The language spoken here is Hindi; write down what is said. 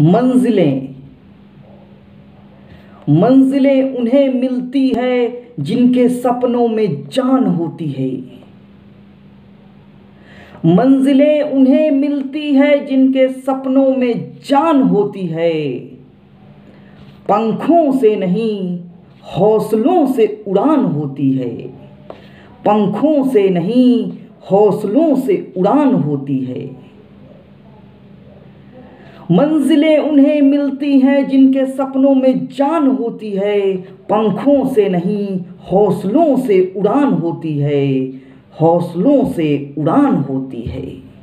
मंजिलें मंजिलें उन्हें मिलती है जिनके सपनों में जान होती है मंजिलें उन्हें मिलती है जिनके सपनों में जान होती है पंखों से नहीं हौसलों से उड़ान होती है पंखों से नहीं हौसलों से उड़ान होती है मंजिलें उन्हें मिलती हैं जिनके सपनों में जान होती है पंखों से नहीं हौसलों से उड़ान होती है हौसलों से उड़ान होती है